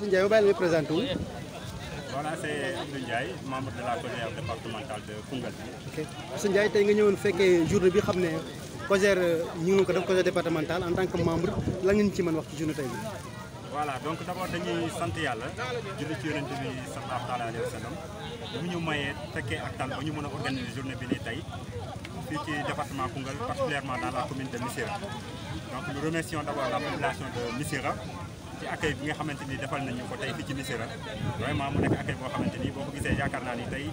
Abdou Ndiaye, vous pouvez présenter vous Voilà, c'est Abdou Ndiaye, membre de la COGER départementale de Koungheul. Ok. Abdou Ndiaye, tey nga ñëwoon fekkee journée bi xam ne COGER ñu ngi ko def COGER départementale en tant que membre lan ngeen ci mën wax ci journée tey bi. voilà donc d' dañuy sant yàlla julli ci yonent bi sallallahu taala alayhi wa sallam bu ñu mayee fekkee ak tal ba ñu mën a organiser journée bi nii tey fii ci département Koungheul particulièrement la commune de Missirah donc nous remercions d' abord ci accueil bi nga xamante ni defal nañu ko tey fii ci Missirah vraiment mu nekk accueil boo xamante ni boo ko gisee yaakaar naa ni tey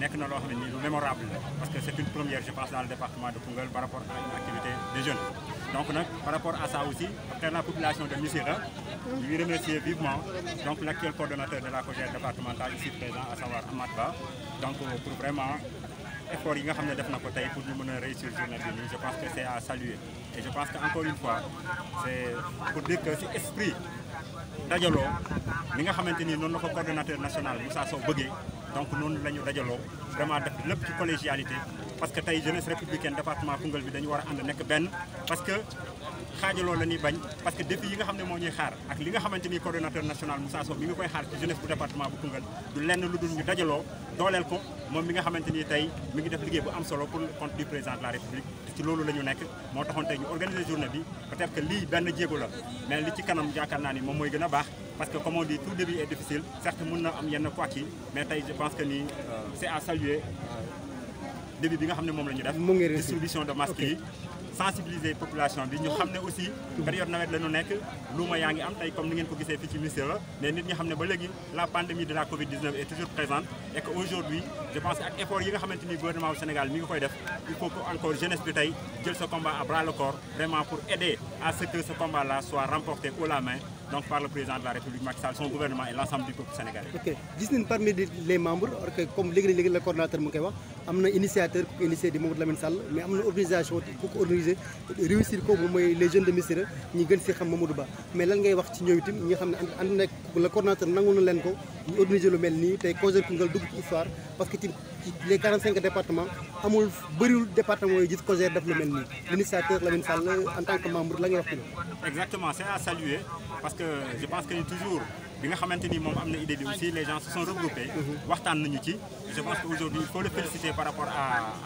nekk na loo xam ne nii lu mémorable la parce que c'est une première je pense dans le de Koungheul par rapport à une activité des jeunes donc nag par rapport à ça aussi après la population de Missirah ñu ngi vivement donc l'actuel coordonnateur de la COJER départementale ici présent à savoir Amath Ba donc euh, pour vraiment effort yi nga xam ne def na ko tey pour ñu mën a réussir journée bi nii je pense que c'est dajaloo li nga xamante ni noonu la ko coordonnateur national Moussa Sow bëggee donc noonu la ñu dajaloo vraiment def lépp ci collégialité parce que tey jeunesse républicaine département Koungheul bi dañu war a ànd nekk benn parce que xaajaloo la ñuy bañ parce que yi nga xam ne moo ñuy xaar ak li nga xamante ni coordonnateur national Moussa Sow mi ngi koy xaar ci jeunesse bu département bu Koungheul du lenn lu dul ñu dajaloo dooleel ko moom mi nga xamante ni tey mi ngi def liggéey bu am solo pour compte du président la République ci loolu la ñu nekk moo taxoon tey ñu organiser journée bi peut-être que lii mais li ci kanam yaakaar naa ni moom mooy gën a parce que comme on dit tout début est débit bi nga xam ne moom la ñu def distribution de masques yi sensibiliser population bi ñu xam ne aussi période nawet la ñu nekk luuma yaa ngi am tey comme ni ngeen ko gisee fii ci ministère la nit ñi xam ne ba léegi la pandémie de la Covid 19 et que aujourd'hui je pense ak effort yi nga xamante ni gouvernement bu Sénégal mi ngi koy def il faut que encore jeunesse bi tey jël ce combat à bras le pour aider à ce que ce combat là remporté haut la main donc par le président de la République Macky Sall son gouvernement et l'ensemble du peuple sénégalais. ok gis nañ parmi les membres comme léegi léegi la coordonnateur mu ngi wax am na initiateur ku ko initié di Mamadou Lamine Sall mais am na organisation ku ko organisé réussir ko mooy les de Missira ñu gën si xam Mamadou Ba mais lan ngay wax ci ñoom itam ñi nga xam ne ànd nekk la coordonnateur nangu na leen ko. ñu organiser lu mel nii tey Kojër Koungheul dugg ci histoire parce que ci les 45 départements amul bëriwul département yu gis Kojër def lu mel nii l'initiateur Lamine Sall en tant que membre la nga wax exactement c'est à saluer parce que je pense que toujours bi nga xamante ni moom am na idée bi aussi les gens sont regroupés. Mhm. waxtaan nañu ci je pense que aujourd'hui il faut le féliciter par rapport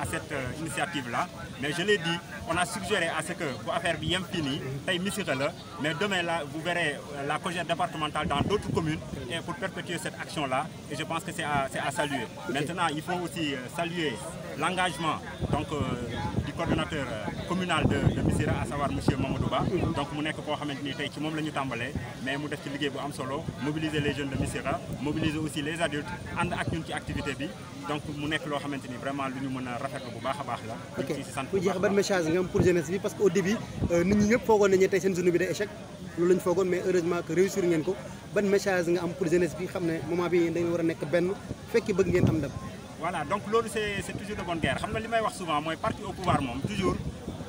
à cette euh, initiative là mais je l'ai dit on a suggéré à ce que bu affaire bi yem fii nii mhm. tey Missirah la mais demain là vous verrez la COJER départementale dans d'autres communes et pour perpétuer cette action là et je pense que c'est à c'est à saluer maintenant il faut aussi euh, saluer l'engagement donc euh, coordonnateur euh, communal de de donc mu nekk koo xamante ni tey ci moom la ñu tàmbalee mais mu def ci liggéey bu am solo mobiliser les jeunes de Missirah mobiliser aussi les adultes ànd ak ñun ci activité bi donc mu nekk loo xamante lu ñu mën a rafetlu bu baax a baax la ok bu jeex ban message nga am pour jeunesse bi parce que au début euh, nit ñi ñëpp foogoon nañu tey seen journée bi day échec loolu lañu foogoon mais heureusement que réussir ngeen ko ban message nga am pour jeunesse bi xam ne a voilà donc loolu c'est c'est toujours de bonne guerre xam nga li may wax souvent mooy parti au pouvoir moom toujours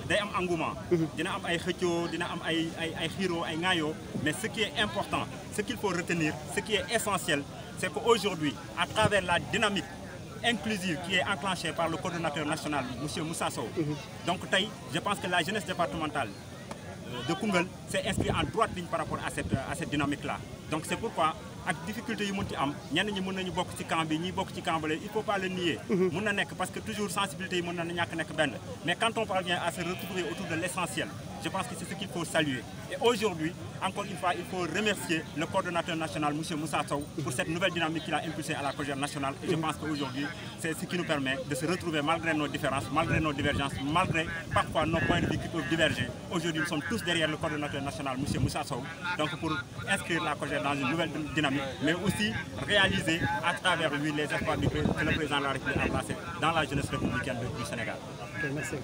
day am engouement mhm. dina am ay xëccoo dina am ay ay ay xiiroo ay ŋaayoo mais ce qui est important ce qu'il faut retenir ce qui est essentiel c'est qu'aujourd'hui à travers la dynamique inclusive qui est enclenchée par le coordonnateur national monsieur Moussa Sow mhm. donc tey je pense que la jeunesse départementale euh, de Koungheul s'est inscrite en droite ligne par rapport à cette à cette dynamique ak difficulté yu mënti am ñenn ñi mën nañu bokk ci camp bi ñiy bokk ci camp bale il mën mhm. na nekk parce que toujours sensibilité yi mën na ñàkk nekk benn mais quand on parvient à se retrouver autour Je pense que c'est ce qu'il faut saluer. Et aujourd'hui, encore une fois, il faut remercier le coordonnateur national, M. Moussa Sow, pour cette nouvelle dynamique qu'il a impulsée à la Cogère nationale. Et je pense qu'aujourd'hui, c'est ce qui nous permet de se retrouver malgré nos différences, malgré nos divergences, malgré parfois nos points de vue qui peuvent diverger. Aujourd'hui, nous sommes tous derrière le coordonnateur national, M. Moussa Sow, donc pour inscrire la Cogère dans la République a